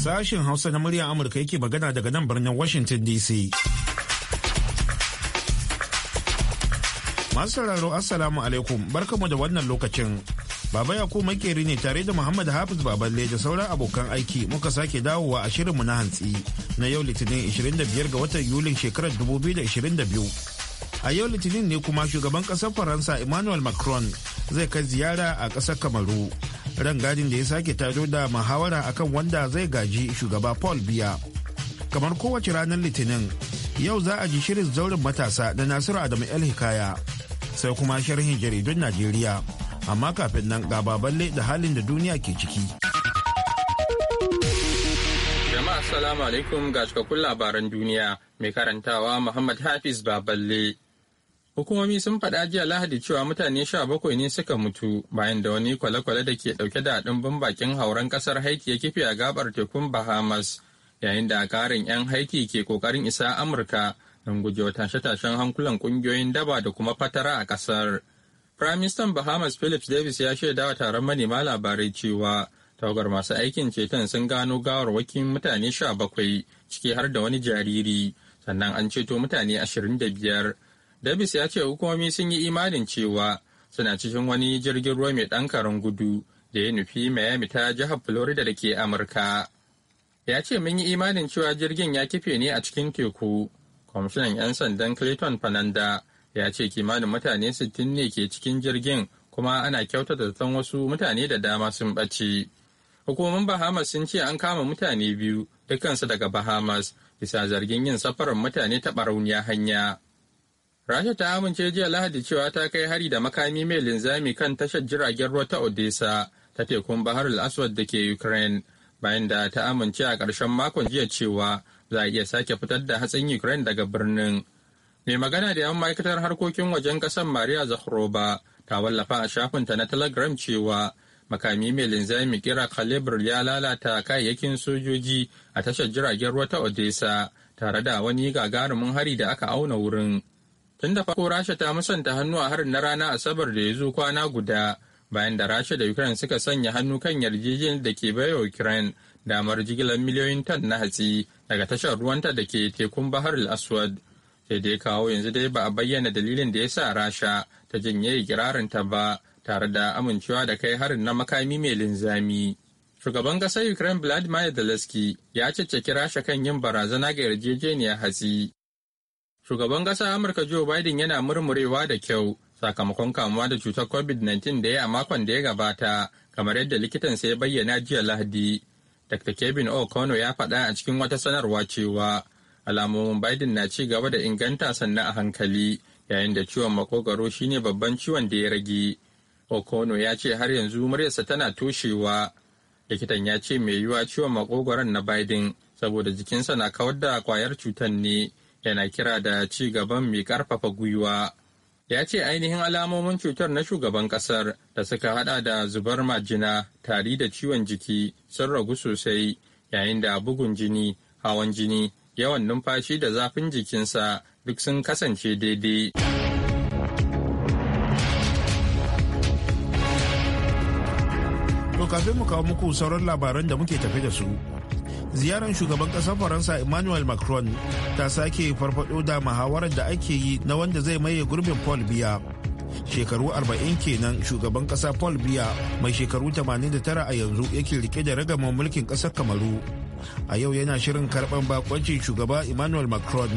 Sashen Hausa na muryar Amurka yake magana daga nan birnin Washington DC. Masu sauraro Assalamu alaikum barkamu da wannan lokacin. Baba Yakubu makeri ne tare da Muhammad Hafiz Baballe da sauran abokan aiki muka sake dawowa a shirinmu na hantsi na yau Litinin 25 ga watan Yulin shekarar 2022. a yau litinin ne kuma shugaban kasar faransa emmanuel macron zai kai ziyara a kasar kamaru rangadin da ya sake tado da muhawara akan wanda zai gaji shugaba paul biya kamar kowace ranar litinin yau za a ji shirin zaurin matasa da nasiru adamu el hikaya sai kuma sharhin jaridun najeriya amma kafin nan ga baballe da halin da duniya ke ciki jama'a Salamu alaikum ga cikakkun labaran duniya mai karantawa muhammad hafiz baballe Hukumomi sun faɗa jiya Lahadi cewa mutane sha bakwai ne suka mutu bayan da wani kwale-kwale da ke ɗauke da ɗumbin bakin hauren ƙasar Haiti ya kife a gabar tekun Bahamas yayin da ƙarin 'yan Haiti ke ƙoƙarin isa Amurka don gujewa tashe-tashen hankulan ƙungiyoyin daba da kuma fatara a ƙasar. Firaministan Bahamas Phillips Davis ya shaida wa taron manema labarai cewa tawagar masu aikin ceton sun gano gawarwakin mutane sha bakwai ciki har da wani jariri sannan an ceto mutane ashirin da biyar Davis ya ce hukumomi sun yi imanin cewa suna cikin wani jirgin ruwa mai ɗan gudu da ya nufi Miami ta jihar Florida da ke Amurka. Ya ce mun yi imanin cewa jirgin ya kife ne a cikin teku. Kwamishinan 'yan sandan Clayton fernanda ya ce kimanin mutane sittin ne ke cikin jirgin kuma ana kyautata zaton wasu mutane da dama sun ɓace. Hukumomin Bahamas sun ce an kama mutane biyu dukansu daga Bahamas bisa zargin yin safarar mutane ta barauniya hanya. Rasha ta amince jiya Lahadi cewa ta kai hari da makami mai linzami kan tashar jiragen ruwa ta Odessa ta tekun Bahar al-Aswad da ke Ukraine bayan da ta amince a ƙarshen makon jiya cewa za a iya sake fitar da hatsin Ukraine daga birnin. Mai magana da 'yan ma'aikatar harkokin wajen ƙasar Maria Zakharova ta wallafa a shafinta na Telegram cewa makami mai linzami kira Kalibr ya lalata kayayyakin sojoji a tashar jiragen ruwa ta Odessa tare da wani gagarumin hari da aka auna wurin. tun da farko rasha ta musanta hannu a harin na rana asabar da ya zo kwana guda bayan da rasha da ukraine suka sanya hannu kan yarjejeniyar da ke baiwa ukraine damar jigilar miliyoyin tan na hatsi daga tashar ruwanta da ke tekun bahar al-aswad sai dai kawo yanzu dai ba a bayyana dalilin da ya sa rasha ta janye ta ba tare da amincewa da kai harin na makami mai linzami shugaban ƙasar ukraine vladimir zelensky ya caccaki rasha kan yin barazana ga yarjejeniyar hatsi Shugaban ƙasa Amurka Joe Biden yana murmurewa da kyau sakamakon kamuwa da cutar COVID-19 da ya a makon da ya gabata kamar yadda likitan ya bayyana jiya Lahadi. Dr. Kevin O'Connor ya faɗa a cikin wata sanarwa cewa alamomin Biden na ci gaba da inganta sannan a hankali yayin da ciwon makogaro shine babban ciwon da ya rage. O'Connor ya ce har yanzu muryarsa tana toshewa. Likitan ya ce mai yiwuwa ciwon makogaron na Biden saboda jikinsa na kawar da kwayar cutar ne yana kira da ci gaban mai karfafa gwiwa ya ce ainihin alamomin cutar na shugaban kasar da suka hada da zubar majina tari da ciwon jiki sun ragu sosai yayin da bugun jini hawan jini yawan numfashi da zafin jikinsa duk sun kasance daidai to kafin mu kawo muku sauran labaran da muke tafe da su ziyarar shugaban ƙasar faransa emmanuel macron ta sake farfado da muhawarar da ake yi na wanda zai maye gurbin paul biya shekaru 40 kenan shugaban ƙasa paul biya mai shekaru 89 a yanzu yake rike da ragamar mulkin ƙasar kamaru a yau yana shirin karɓar bakoncin shugaba emmanuel macron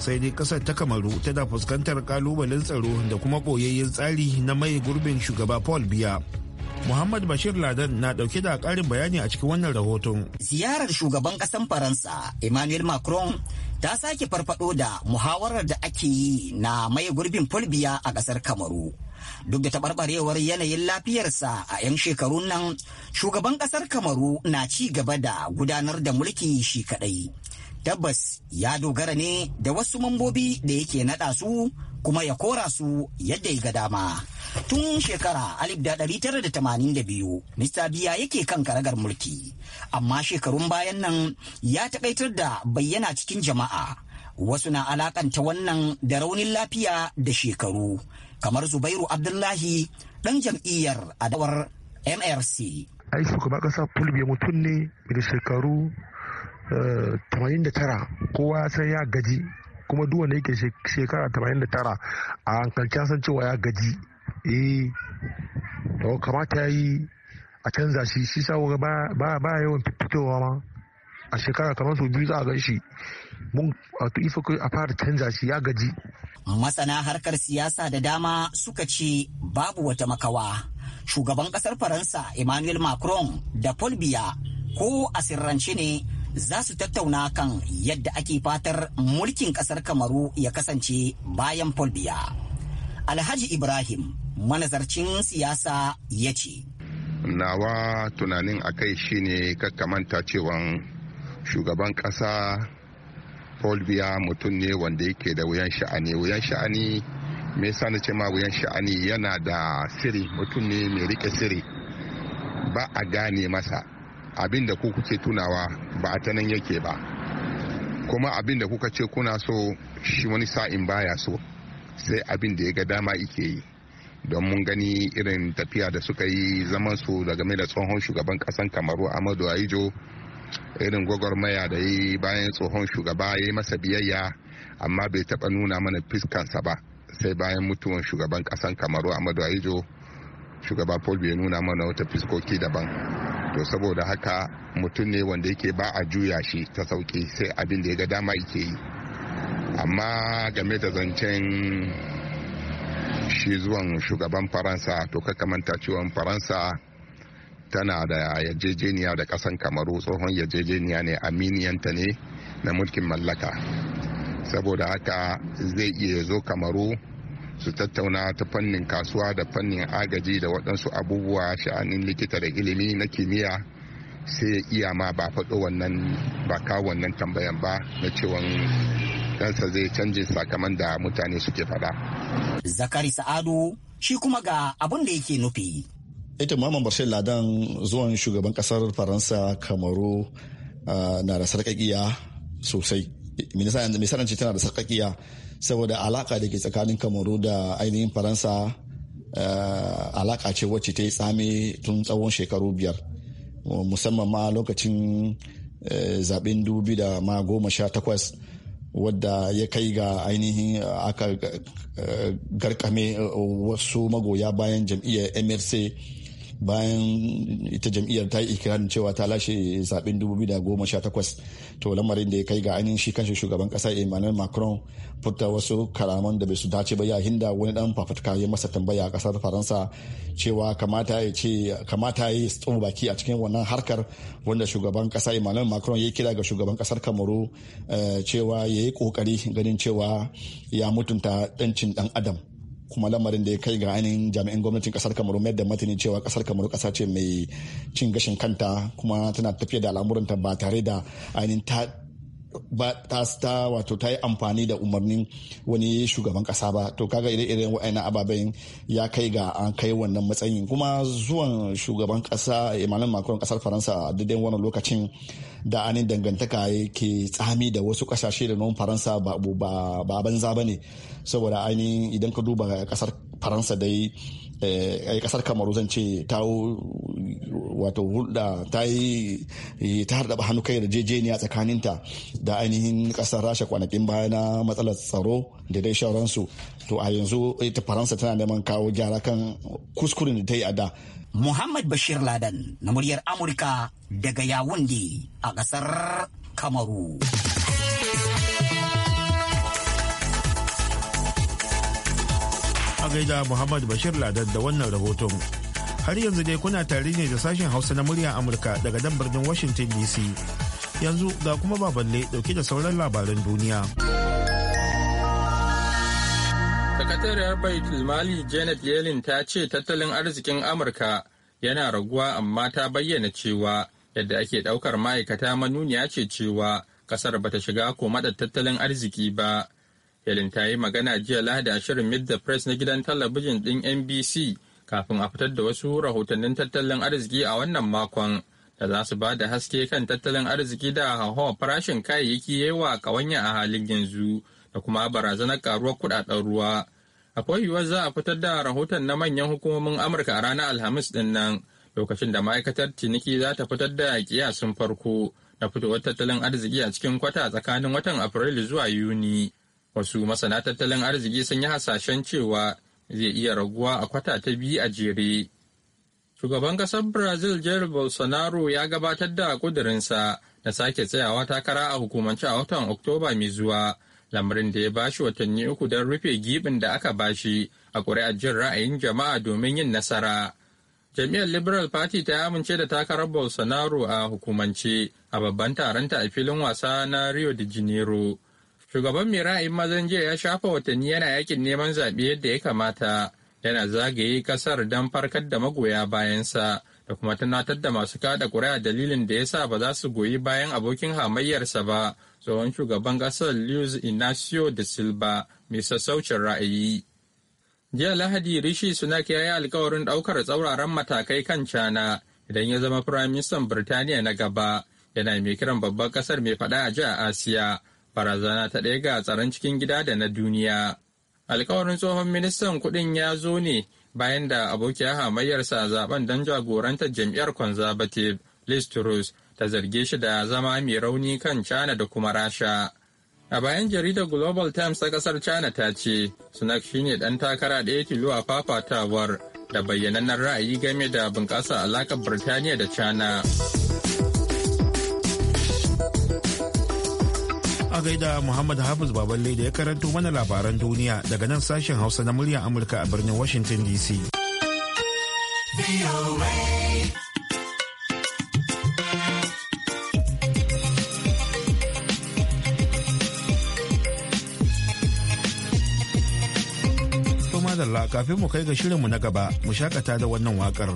sai dai ƙasar ta kamaru tana fuskantar ƙalubalen tsaro da kuma ɓoyayyen tsari na maye gurbin shugaba paul biya Muhammad Bashir Ladan na dauke da karin bayani a cikin wannan rahoton. Ziyarar shugaban kasan Faransa Emmanuel Macron ta sake farfado da muhawarar da ake yi na mai gurbin Fulbiya a kasar Kamaru. Duk da taɓarɓarewar yanayin lafiyarsa a 'yan shekarun nan, shugaban kasar Kamaru na ci gaba da gudanar da mulki shi kadai. tabbas ya dogara ne da wasu mambobi da yake naɗa su kuma ya kora su yadda ya ga dama. Tun shekara 1982, Mr. Biya yake kan karagar mulki, amma shekarun bayan nan ya taƙaitar da bayyana cikin jama'a. Wasu na alakanta wannan da raunin lafiya da shekaru, kamar Zubairu Abdullahi ɗan jam'iyyar adawar MRC. Ai, shugaban ƙasa Fulbe mutum ne da shekaru 89 kowa sai ya gaji kuma duwa wanda yake shekara 89 a hankalci san cewa ya gaji eh to kamata ya yi a canza shi shi sa ba ba yawan fitowa ma a shekara kamar sau biyu za a gan shi mun wato ifa a fara canza shi ya gaji masana harkar siyasa da dama suka ce babu wata makawa shugaban kasar faransa emmanuel macron da paul biya ko a sirrance ne za su tattauna kan yadda ake fatar mulkin kasar kamaru ya kasance bayan folbiya alhaji ibrahim manazarcin siyasa ya ce nawa tunanin a akai shine manta cewa shugaban kasa paul biya mutum ne wanda yake da wuyan sha'ani wuyan sha'ani me sani na ce ma wuyan sha'ani yana da siri mutum ne mai rike siri ba a gane masa abin da ku kuke tunawa ba a ta nan yake ba kuma abin da kuka ce kuna so shi wani sa'in baya so sai abin da ya ga dama ike yi don mun gani irin tafiya da suka yi zaman su da game da tsohon shugaban kasan kamaru amadu aijo irin gwagwarmaya da yi bayan tsohon shugaba ya yi masa biyayya amma bai taba nuna mana fiskansa ba sai bayan mutuwan shugaban kasan kamaru amadu aijo shugaba paul bai nuna mana wata fiskoki daban to saboda haka mutum ne wanda yake ba a juya shi ta sauki sai abin da ya ga dama yake yi amma game da zancen shi zuwan shugaban faransa to manta cewa faransa tana da yarjejeniya da kasan kamaru tsohon yarjejeniya ne aminiyanta ne na mulkin mallaka saboda haka zai iya zo kamaru su tattauna ta fannin kasuwa da fannin agaji da waɗansu abubuwa sha'anin likita da ilimi na kimiyya sai ya iya ma ba faɗo wannan ba kawo wannan tambayan ba na cewa ɗansa zai canje sakaman da mutane suke faɗa. zakari sa'adu shi kuma ga abin da yake nufi ita mamman bashir ladan zuwan shugaban kasar faransa kamaru ah, na da sarƙaƙiya sosai misalin tana da sarƙaƙiya saboda alaka da ke tsakanin kamaru da ainihin faransa eh, alaka ce wacce ta yi tsami tun tsawon shekaru biyar musamman ma lokacin eh, zaben dubi da ma goma sha takwas wadda ya kai ga ainihin eh, aka garkame wasu magoya bayan jam'iyyar mrc bayan ita jam'iyyar ta yi ikirarin cewa ta lashe zaben 2018 to lamarin da ya kai ga ainihin shi kanshi shugaban kasa emmanuel macron furta wasu karaman da bai su dace ba ya hinda wani dan fafutuka ya masa tambaya a kasar faransa cewa kamata ya ce kamata ya tsoma baki a cikin wannan harkar wanda shugaban kasa emmanuel macron ya kira ga shugaban kasar kamaru eh, cewa ya yi kokari ganin cewa ya mutunta 'yancin dan adam kuma lamarin da ya kai ga ainihin jami'an gwamnatin kasar kamaru mayar da matani cewa kasar kamaru kasa ce mai cin gashin kanta kuma tana tafiya da al'amuranta ba tare da ainihin ta ba ta ta wato ta yi amfani da umarnin wani shugaban kasa ba to kaga ire-iren wa'ina ababen ya kai ga an kai wannan matsayin kuma zuwan shugaban kasa Emmanuel Macron kasar Faransa a daidai wannan lokacin da anin dangantaka yake tsami da wasu kasashe da non Faransa ba banza ba ne saboda ainihin idan ka duba kasar faransa dai eh, a kasar kamaru zan ce ta wato hulɗa ta yi ta harɗaɓa hannu kai tsakaninta da ainihin kasar rasha kwanakin baya na matsalar tsaro da dai shauransu to a yanzu ita faransa tana neman kawo gyara kan kuskuren da ta yi a da muhammad bashir ladan na muryar amurka daga yawundi a kasar kamaru gaida Muhammad Bashir Ladar da wannan rahoton. Har yanzu dai kuna tare ne da sashen Hausa na murya Amurka daga dan birnin Washington DC. Yanzu ga kuma baballe dauke da sauran labaran duniya. Sakatariyar Baitul Mali Janet Yellen ta ce tattalin arzikin Amurka yana raguwa amma ta bayyana cewa yadda ake daukar ma'aikata manuniya ce cewa kasar bata shiga komadar tattalin arziki ba. Helen ta yi magana jiya Lahadi a shirin Meet the Press na gidan talabijin ɗin NBC kafin a fitar da wasu rahotannin tattalin arziki a wannan makon da za su ba da haske kan tattalin arziki da hauhawar farashin kayayyaki yawa kawanya a halin yanzu da kuma barazanar karuwar kuɗaɗen ruwa. Akwai yiwuwar za a fitar da rahoton na manyan hukumomin Amurka a ranar Alhamis ɗin nan lokacin da ma'aikatar ciniki za ta fitar da kiyasin farko na fitowar tattalin arziki a cikin kwata tsakanin watan Afrilu zuwa Yuni. Wasu masana tattalin arziki sun yi hasashen cewa zai iya raguwa a kwata ta biyu a jere. Shugaban ƙasar Brazil Jair Bolsonaro ya gabatar da ƙudurinsa na sake tsayawa takara a hukumance a watan Oktoba mai zuwa, lamarin da ya bashi watanni uku don rufe giɓin da aka bashi a ƙuri'ar jin ra'ayin jama'a domin yin nasara. Jami'ar Liberal Party ta amince da takarar Bolsonaro a hukumance a babban taronta a filin wasa na Rio de Janeiro. Shugaban mai mazan jiya ya shafa watanni yana yakin neman zaɓe yadda ya kamata, yana zagaye ƙasar don farkar da magoya bayansa da kuma tunatar da masu kada ƙuri'a dalilin da ya sa ba za su goyi bayan abokin hamayyarsa ba, tsohon shugaban ƙasar Luis Inacio da Silva mai sassaucin ra'ayi. Jiya Lahadi Rishi Sunak ya yi alkawarin ɗaukar tsauraran matakai kan cana idan ya zama Firaministan Birtaniya na gaba, yana mai kiran babban ƙasar mai faɗa a jiya Asiya. barazana ta ɗaya ga tsaron cikin gida da na duniya. Alkawarin tsohon ministan kuɗin ya zo ne bayan da abokiya hamayyarsa a zaben don jagorantar jam'iyyar conservative Liz Truss ta zarge shi da zama mai rauni kan China da kuma Rasha. A bayan jaridar Global Times ta kasar China ta ce, Sunak shine ɗan takara ɗaya tilo a fafatawar da bayyanannen ra'ayi game da bunƙasa alaƙar Birtaniya da China. a gaida Muhammad Hafiz Baballe da ya karanto mana labaran duniya daga nan sashen Hausa na muryar Amurka a birnin Washington DC. Kuma da kafin mu kai ga shirinmu na gaba mu shakata da wannan wakar.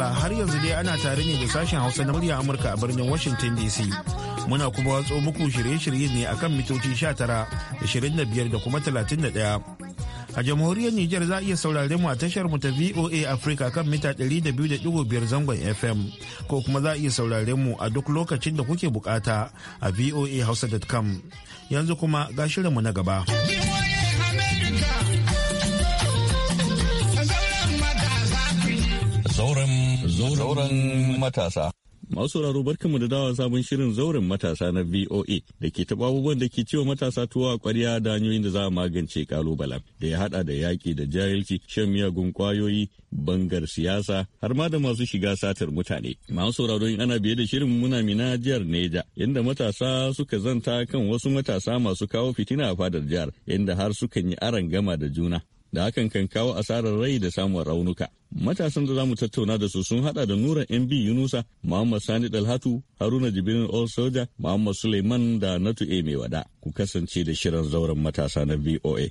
Allah har yanzu dai ana tare ne da sashen Hausa na murya Amurka a birnin Washington DC. Muna kuma watso muku shirye-shirye ne akan mitoci 19, 25 da kuma 31. A jamhuriyar Nijar za a iya saurare mu a tashar mu ta VOA Africa kan mita 200.5 zangon FM ko kuma za a iya saurare mu a duk lokacin da kuke bukata a voahausa.com. Yanzu kuma ga shirinmu na gaba. Yeah! zauren matasa. Masu sauraro barkanmu da dawa sabon shirin zauren matasa na VOA da ke taɓa abubuwan da ke cewa matasa tuwa a da hanyoyin da za a magance kalubalen da ya haɗa da yaƙi da jahilci, shan miyagun ƙwayoyi, bangar siyasa har ma da masu shiga satar mutane. Masu sauraro in ana biye da shirin muna mina jihar Neja inda matasa suka zanta kan wasu matasa masu kawo fitina a fadar jihar inda har sukan yi aron gama da juna. da hakan kan kawo asarar rai da samun raunuka. Matasan da za mu tattauna da su sun hada da Nura MB Yunusa, Muhammad Sani Dalhatu, Haruna Jibrin All Soja, Muhammad Suleiman da Natu Emewada. wada. Ku kasance da shirin zauren matasa na VOA.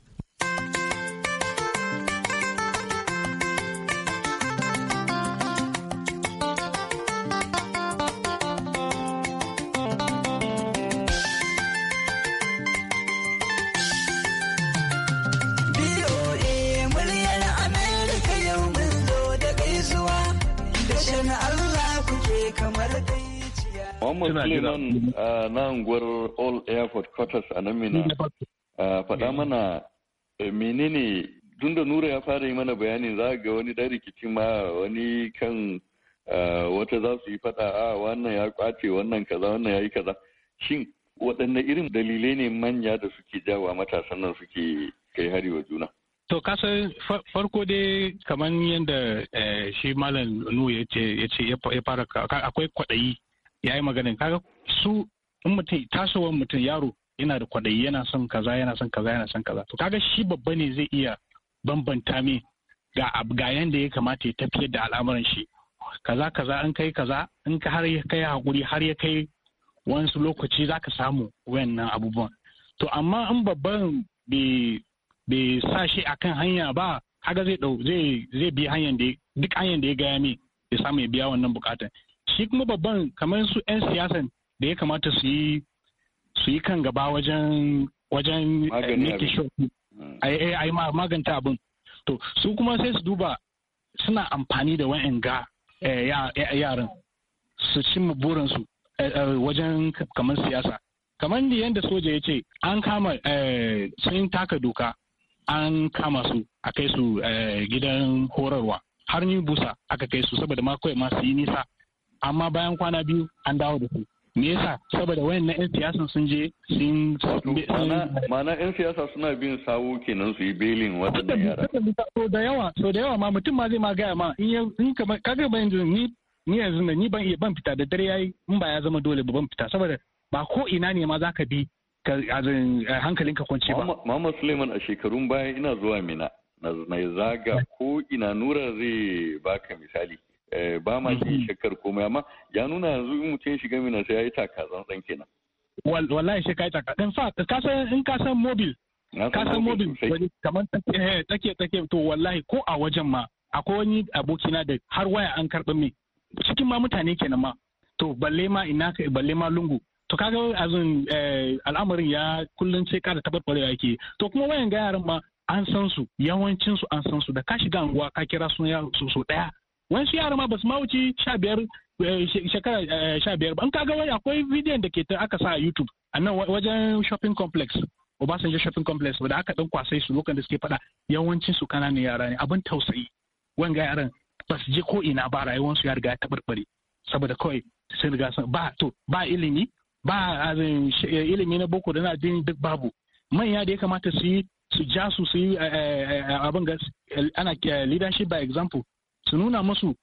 nan ah, na unguwar all airport quarters a nan mina ah, faɗa mana eh, menene tun da nura ya fara yi mana bayani za ga wani dan rikici ma wani kan ah, wata za su yi faɗa a wannan ya kwace wannan kaza wannan ya yi kaza shin waɗanne irin dalilai ne manya da suke jawa matasan nan suke kai hari wa juna To kasan farko dai kamar yadda eh, shi malam nu ya ce ya fara akwai kwaɗayi ya yi maganin kaga su in mutum tasowar mutum yaro yana da kwaɗayi yana son kaza yana son kaza yana son kaza to kaga shi babba ne zai iya bambanta me ga ga yanda ya kamata ya tafiyar da al'amuran shi kaza kaza in kai kaza in ka har ya kai hakuri har ya kai wani lokaci zaka samu wayannan abubuwan to amma in babban bai sa shi akan hanya ba haka zai dau zai zai bi hanyar da duk hanyar da ya gaya mai ya samu ya biya wannan bukatan shi kuma babban kamar su 'yan siyasan da ya kamata su yi su yi kan gaba wajen wajen eh, hmm. a yi eh, maganta abin to su kuma sai su duba suna amfani da wa'in ga eh, yaran su cimma burinsu wajen kamar siyasa kamar da yadda soja ya ce an kama sun taka doka an kama su a kai su gidan horarwa har ni busa aka kai su saboda ma kawai yi nisa amma bayan kwana biyu an dawo da su me yasa saboda na yan siyasa sun je sun mana yan siyasa suna bin sawo kenan su yi belin waɗannan yara so da yawa so da yawa ma mutum ma zai ma ga ma in kamar kaga ban ni ni yanzu ni ban iya ban fita da dare yayi in ba ya zama dole ba ban fita saboda ba ko ina ne ma zaka bi ka hankalinka kwance ba Muhammad Suleiman a shekarun baya ina zuwa Mina na zaga ko ina nura zai baka misali Eh, ba ma ji mm-hmm. shakkar komai amma ya nuna yanzu in mutum ya shiga mina sai ya yi takazan dan kenan wallahi sai kai taka in ka san in ka san mobil ka san mobil kamar eh, take take to wallahi ko a wajen ma akwai wani abokina da har waya an karɓi min cikin ma mutane kenan ma to balle ma ina balle ma lungu to kaga azun eh, al'amarin ya kullun sai da ya yake to kuma wayan ga yaran ma an san su yawancin su an san su da ka shiga anguwa ka kira su so daya wasu yara ma basu ma wuce sha biyar eh, shekara eh, sha biyar ba in kaga wani akwai bidiyon da ke ta aka sa a youtube a nan wajen shopping complex obasanjo shopping complex da aka dan kwasai su lokacin da suke faɗa yawancin su kananan yara ne abin tausayi wanga yaran ba su je ko ina ba rayuwarsu ya riga ya taɓarɓare saboda kawai sun riga sun ba to ba ilimi ba eh, ilimi na boko da na din duk babu manya da ya kamata su yi su ja su su yi abin ga ana leadership by example su nuna masu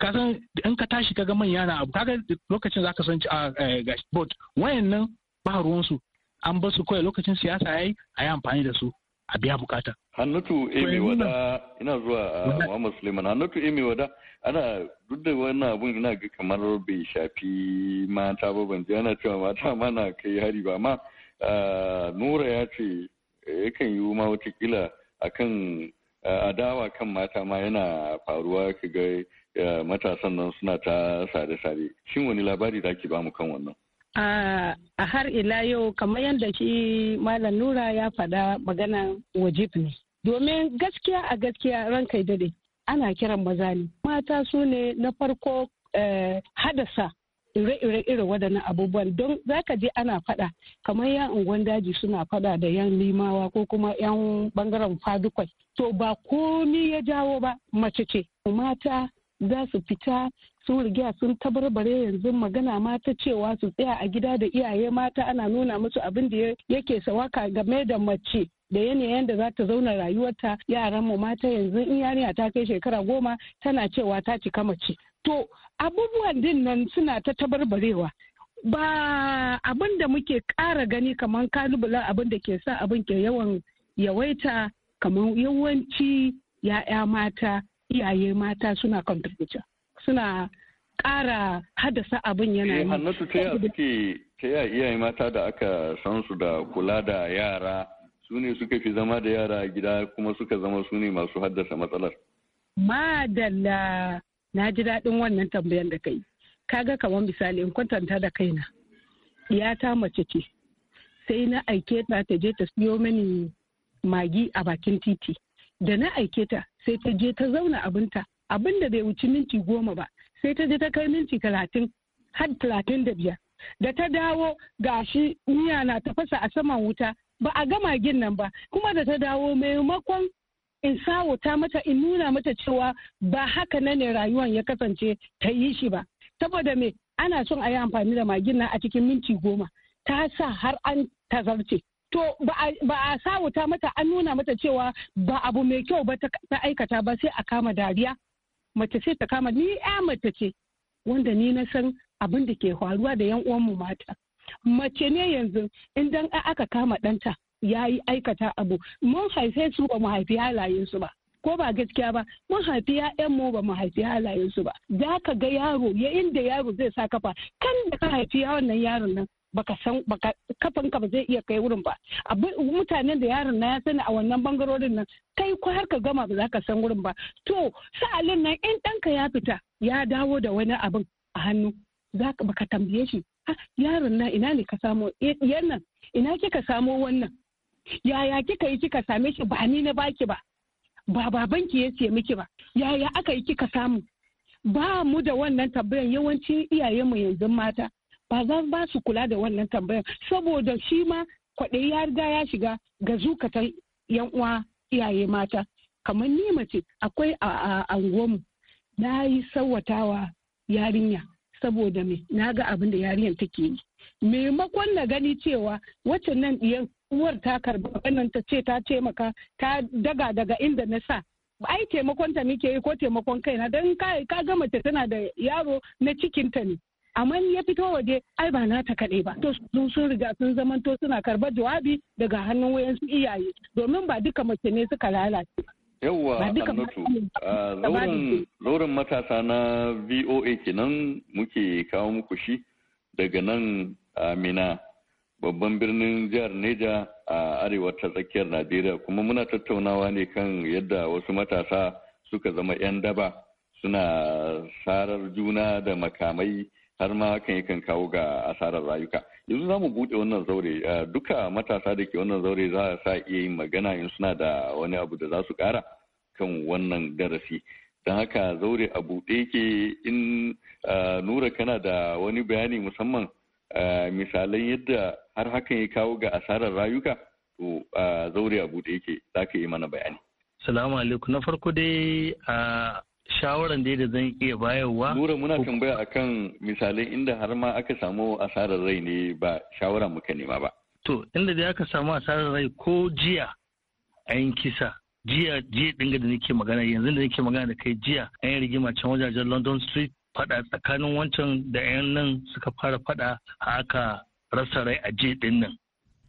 ka san in ka tashi kaga manya na abu kaga lokacin zaka san a ah, eh, gashi but wayannan ba ruwan su an ba su kawai lokacin siyasa yayi a yi amfani da su a biya bukata hannatu emi wada ina zuwa ah, Muhammad Suleiman hannatu emi wada ana duk da wannan abun ina ga kamar bai shafi mata ba ban ana cewa mata ma na kai hari ba ma ah, Nura ya ce eh, yakan yi ma watakila akan A dawa kan mata ma yana faruwa ka ga matasan nan suna ta sare-sare shin wani labari da ake bamu kan wannan a har ila yau kamar yadda shi malam nura ya faɗa magana wajib ne domin gaskiya a gaskiya rankai dade ana kiran maza ne mata su ne na farko eh, hadasa ire-ire irin waɗannan abubuwan don za ka je ana faɗa kamar yan unguwan daji suna faɗa da yan limawa ko kuma yan bangaren fadukwai to ba komi ya jawo ba mace ce mata za su fita sun riga sun tabarbare yanzu magana mata cewa su tsaya a gida da iyaye mata ana nuna musu abin da yake sawaka game da mace da yanayin da za ta zauna rayuwarta yaran mu mata yanzu in yariya ta kai shekara goma tana cewa ta cika mace to abubuwan din nan suna ta tabarbarewa ba abin da muke ƙara gani kamar kalubalen abin da ke sa abin ke yawan yawaita kamar yawanci ya'ya mata iyaye mata suna contributor suna ƙara haddasa abin yana eh, yi. Hannatu ta yaya suke ta iyaye mata da aka san su da kula da yara su ne suka fi zama da yara gida kuma suka zama su ne masu haddasa matsalar. Madalla na ji daɗin wannan tambayan da kai kaga kamar misali in kwatanta da kaina ta mace ce sai na aike ta ta je ta siyo mani magi a bakin titi da na aike ta sai ta je ta zauna abinta abin da bai wuci minti goma ba sai ta je ta kai minti talatin har talatin da biyar da ta dawo gashi miya na tafasa a saman wuta ba a ga magin nan ba kuma da ta dawo maimakon in sawota mata in nuna mata cewa ba haka na ne rayuwan ya kasance ta yi shi ba saboda me ana son a yi amfani da magin nan a cikin minti goma ta sa har an tazarce to ba a sawota mata an nuna mata cewa ba abu mai kyau ba ta aikata ba sai a kama dariya mace sai ta kama ni ya mace ce wanda ni na san abin da ke faruwa da yan uwanmu mata mace ne yanzu idan aka kama ɗanta ya yi aikata abu mun haife su ba mu haifi halayensu ba ko ba gaskiya ba mun haifi mu ba mu haifi halayensu ba za ka ga yaro ya inda yaro zai sa kafa kan da ka haifi ya wannan yaron nan baka san baka kafan ka ba zai iya kai wurin ba abu mutanen da yaron na ya sani a wannan bangarorin nan kai ko har ka gama ba za ka san wurin ba to sa'alin nan in ɗanka ya fita ya dawo da wani abin a hannu za ka baka tambaye shi ah, yaron na ina ne ka samo eh, yannan ina kika samo wannan yaya kika yi kika same shi ba ni na baki ba ba babanki ya ce miki ba yaya aka yi kika samu ba mu da wannan tambayan yawancin iyayenmu yanzu mata ba za ba su kula da wannan tambayan saboda shi ma kwaɗayi ya riga ya shiga ga zukatan yan uwa iyaye mata kamar ni mace akwai a anguwanmu na yi sawatawa yarinya saboda me na ga abin da yarinyar take yi maimakon na gani cewa wacce nan ɗiyan uwar ta karbi wannan ta ce ta ce maka ta daga daga inda na sa ai taimakon ta muke yi ko taimakon kaina don ka ga mace tana da yaro na cikin ta ne amma ya fito waje ai ba na ta kaɗai ba to sun sun riga sun to suna karɓar jawabi daga hannun su iyaye domin ba duka mace ne suka lalace yawwa annatu zauren matasa na voa kenan muke kawo muku shi daga nan amina ah, babban birnin jihar Neja a arewa ta tsakiyar Najeriya kuma muna tattaunawa ne kan yadda wasu matasa suka zama 'yan daba suna sarar juna da makamai har ma kan yakan kawo ga asarar rayuka. Yanzu za mu buɗe wannan zaure duka matasa da ke wannan zaure za a sa iya yin magana in suna da wani abu da za su ƙara kan wannan darasi. Don haka zaure a buɗe ke in nura kana da wani bayani musamman misalan yadda har hakan ya kawo ga asarar rayuka to a zaure a bude yake za ka yi mana bayani. Salamu alaikum na farko dai a shawaran dai da zan iya bayarwa. Nura muna tambaya akan misalai inda har ma aka samu asarar rai ne ba shawara muka nema ba. To inda dai aka samu asarar rai ko jiya a yin kisa jiya jiya dinga da nake magana yanzu da nake magana da kai jiya an yi rigima can wajajen London Street fada tsakanin wancan da 'yan nan suka fara fada haka rasa rai a je din nan.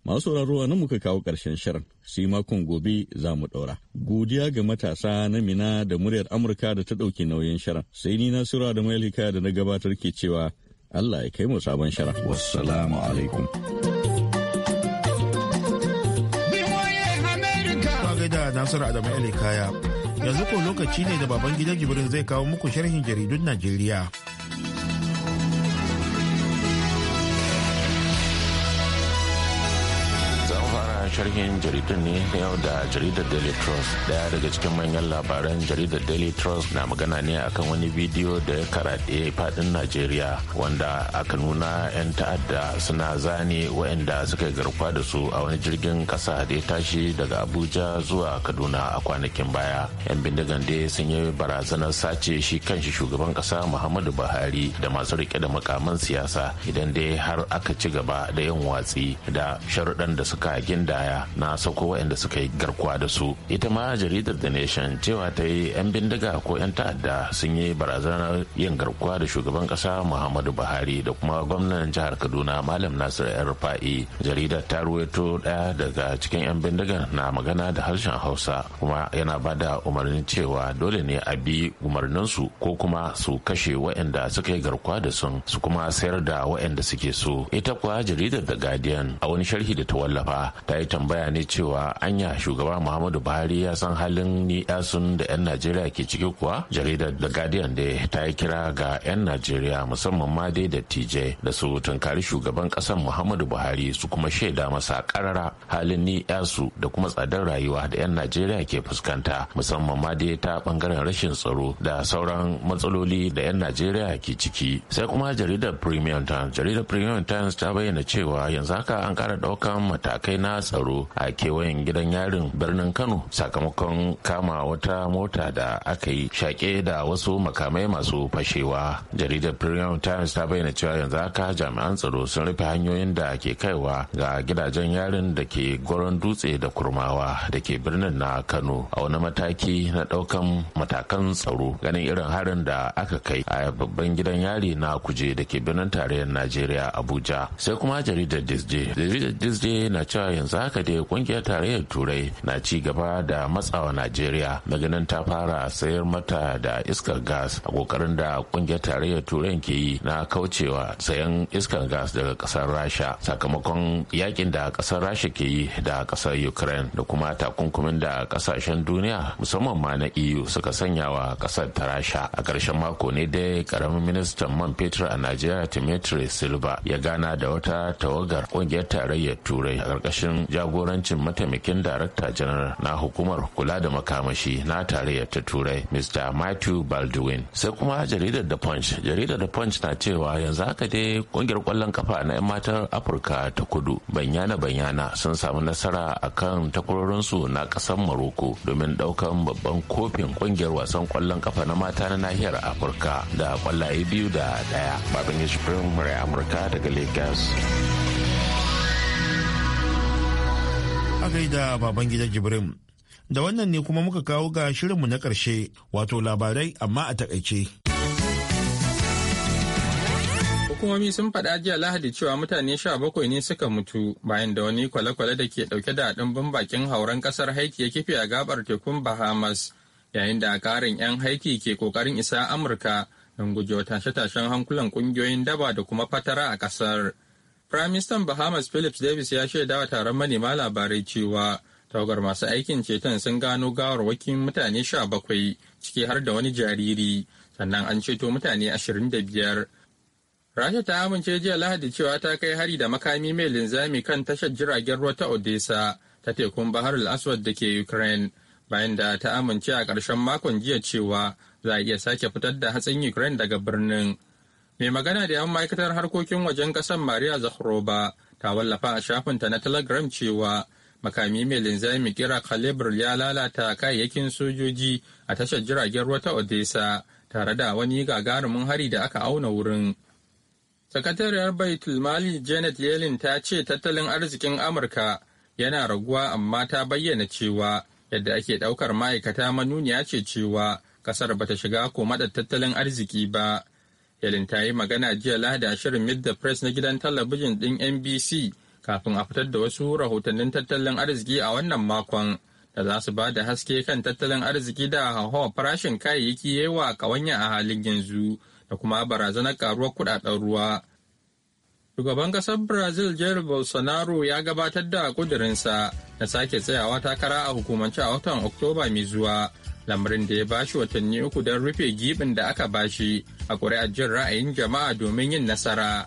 Masu sauraro nan muka kawo ƙarshen shirin, sai makon gobe za mu ɗaura. Godiya ga matasa na Mina da muryar Amurka da ta ɗauki nauyin shirin. Sai ni Nasiru da Malika da na gabatar ke cewa Allah ya kai mu sabon shirin. Wassalamu alaikum. Nasiru Adamu Ali Kaya. Yanzu ko lokaci ne da baban gidan Jibrin zai kawo muku sharhin jaridun Najeriya. sharhin jaridun ne na yau da jaridar daily trust daya daga cikin manyan labaran jaridar daily trust na magana ne akan wani bidiyo da ya karaɗe fadin najeriya wanda aka nuna 'yan ta'adda suna zane waɗanda suka garkwa da su a wani jirgin ƙasa da ya tashi daga abuja zuwa kaduna a kwanakin baya 'yan bindigan dai sun yi barazanar sace shi kanshi shugaban ƙasa muhammadu buhari da masu rike da makaman siyasa idan dai har aka ci gaba da yin watsi da sharuɗan da suka ginda baya na sauko waɗanda suka yi garkuwa da su ita ma jaridar the nation cewa ta yi 'yan bindiga ko 'yan ta'adda sun yi barazanar yin garkuwa da shugaban ƙasa muhammadu buhari da kuma gwamnan jihar kaduna malam nasir yar rufa'i jaridar ta ruwaito ɗaya daga cikin 'yan bindigan na magana da harshen hausa kuma yana ba da umarnin cewa dole ne a bi umarninsu ko kuma su kashe waɗanda suka yi garkuwa da sun su kuma sayar da waɗanda suke so ita kuwa jaridar the guardian a wani sharhi da ta wallafa ta yi tambaya ne cewa anya shugaba muhammadu buhari ya san halin ni sun da 'yan najeriya ke ciki kuwa jaridar the guardian da ta yi kira ga 'yan najeriya musamman ma dai da tj da su tunkari shugaban kasar muhammadu buhari su kuma shaida masa karara halin ni su da kuma tsadar rayuwa da 'yan najeriya ke fuskanta musamman ma dai ta bangaren rashin tsaro da sauran matsaloli da 'yan najeriya ke ciki sai kuma jaridar premium times jaridar premium times ta bayyana cewa yanzu haka an kara daukan matakai na tsaro tsaro a kewayen gidan yarin birnin kano sakamakon kama wata mota da aka yi shaƙe da wasu makamai masu fashewa jaridar premium times ta bayyana cewa yanzu haka jami'an tsaro sun rufe hanyoyin da ke kaiwa ga gidajen yarin da ke goron dutse da kurmawa da ke birnin na kano a wani mataki na ɗaukan matakan tsaro ganin irin harin da aka kai a babban gidan yari na kuje da ke birnin tarayyar najeriya abuja sai kuma jaridar disney jaridar disney na cewa yanzu haka haka dai kungiyar tarayyar turai na ci gaba da matsawa najeriya na ganin ta fara sayar mata da iskar gas a kokarin da kungiyar tarayyar turai ke yi na kaucewa sayan iskar gas daga kasar rasha sakamakon yakin da kasar rasha ke yi da kasar ukraine da kuma takunkumin da kasashen duniya musamman ma na eu suka sanya wa kasar ta rasha a ƙarshen mako ne dai karamin ministan man fetur a najeriya timetri silva ya gana da wata tawagar kungiyar tarayyar turai a ƙarƙashin jagorancin mataimakin darakta janar na hukumar kula da makamashi na tarayyar ta turai mr matthew baldwin sai kuma jaridar da punch jaridar da punch na cewa yanzu haka dai kungiyar kwallon kafa na 'yan matan afirka ta kudu banyana banyana sun samu nasara a kan takwarorinsu na kasar maroko domin daukan babban kofin kungiyar wasan kwallon kafa na mata na nahiyar afirka da kwallaye biyu da daya babin spring amurka daga lagos a gaida baban gidan Jibrin. Da wannan ne kuma muka kawo ga shirinmu na ƙarshe wato labarai amma a takaice. Hukumomi sun faɗa jiya Lahadi cewa mutane sha bakwai ne suka mutu bayan da wani kwale-kwale da ke ɗauke da ɗimbin bakin hauren ƙasar Haiti ya kife a gabar tekun Bahamas yayin da ƙarin 'yan Haiti ke ƙoƙarin isa Amurka don gujewa tashe-tashen hankulan ƙungiyoyin daba da kuma fatara a ƙasar. Firaministan Bahamas Phillips Davis ya shaida wa taron manema labarai cewa tawagar masu aikin ceton sun gano gawarwakin mutane sha bakwai ciki har da wani jariri sannan an ceto mutane ashirin da biyar. Rasha ta amince jiya Lahadi cewa ta kai hari da makami mai linzami kan tashar jiragen ruwa ta Odessa ta tekun Bahar al-Aswad da ke Ukraine bayan da ta amince a ƙarshen makon jiya cewa za a iya sake fitar da hatsin Ukraine daga birnin. mai magana da yawan ma'aikatar harkokin wajen ƙasar maria ba ta wallafa a shafinta na telegram cewa makami mai linzami kira kalibir ya lalata kayayyakin sojoji a tashar jiragen ruwa ta odessa tare da wani gagarumin hari da aka auna wurin sakatariyar baitul mali janet yellen ta ce tattalin arzikin amurka yana raguwa amma ta bayyana cewa yadda ake ɗaukar ma'aikata manuniya ce cewa ƙasar bata shiga komadar tattalin arziki ba yalin ta yi magana jiya Lahadi a shirin Mid the Press na gidan talabijin ɗin NBC kafin a fitar da wasu rahotannin tattalin arziki a wannan makon da za su ba da haske kan tattalin arziki da hauhawar farashin kayayyaki wa kawanya a halin yanzu da kuma barazanar karuwar kudaden ruwa. Shugaban ƙasar Brazil Jair Bolsonaro ya gabatar da ƙudurinsa na sake tsayawa takara a hukumance a watan Oktoba mai zuwa lamarin da ya bashi watanni uku don rufe gibin da aka bashi a kuri'ar jin ra'ayin jama'a domin yin nasara.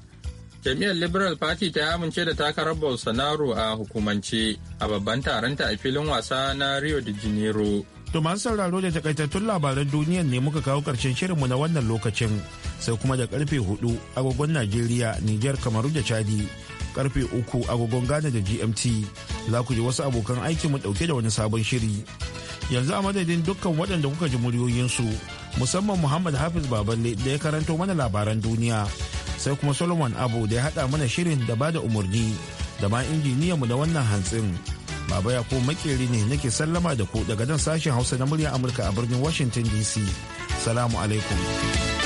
Jami'ar Liberal Party ta amince da takarar Bolsonaro a hukumance a babban taronta a filin wasa na Rio de Janeiro. To masu sauraro da takaitattun labaran duniyar ne muka kawo karshen shirinmu na wannan lokacin sai kuma da karfe hudu agogon Najeriya, Nijar, Kamaru da Chadi. karfe uku agogon Ghana da GMT za ku ji wasu abokan aikin mu dauke da wani sabon shiri. Yanzu a madadin dukkan waɗanda kuka ji muryoyinsu musamman Muhammad Hafiz Baballe da ya karanto mana labaran duniya sai kuma Solomon Abu da ya haɗa mana shirin da bada umarni da ma mu da wannan hantsin. Baba ya ko makeri ne nake sallama da ku daga nan sashen Hausa na murya Amurka a birnin Washington DC. Salamu alaikum.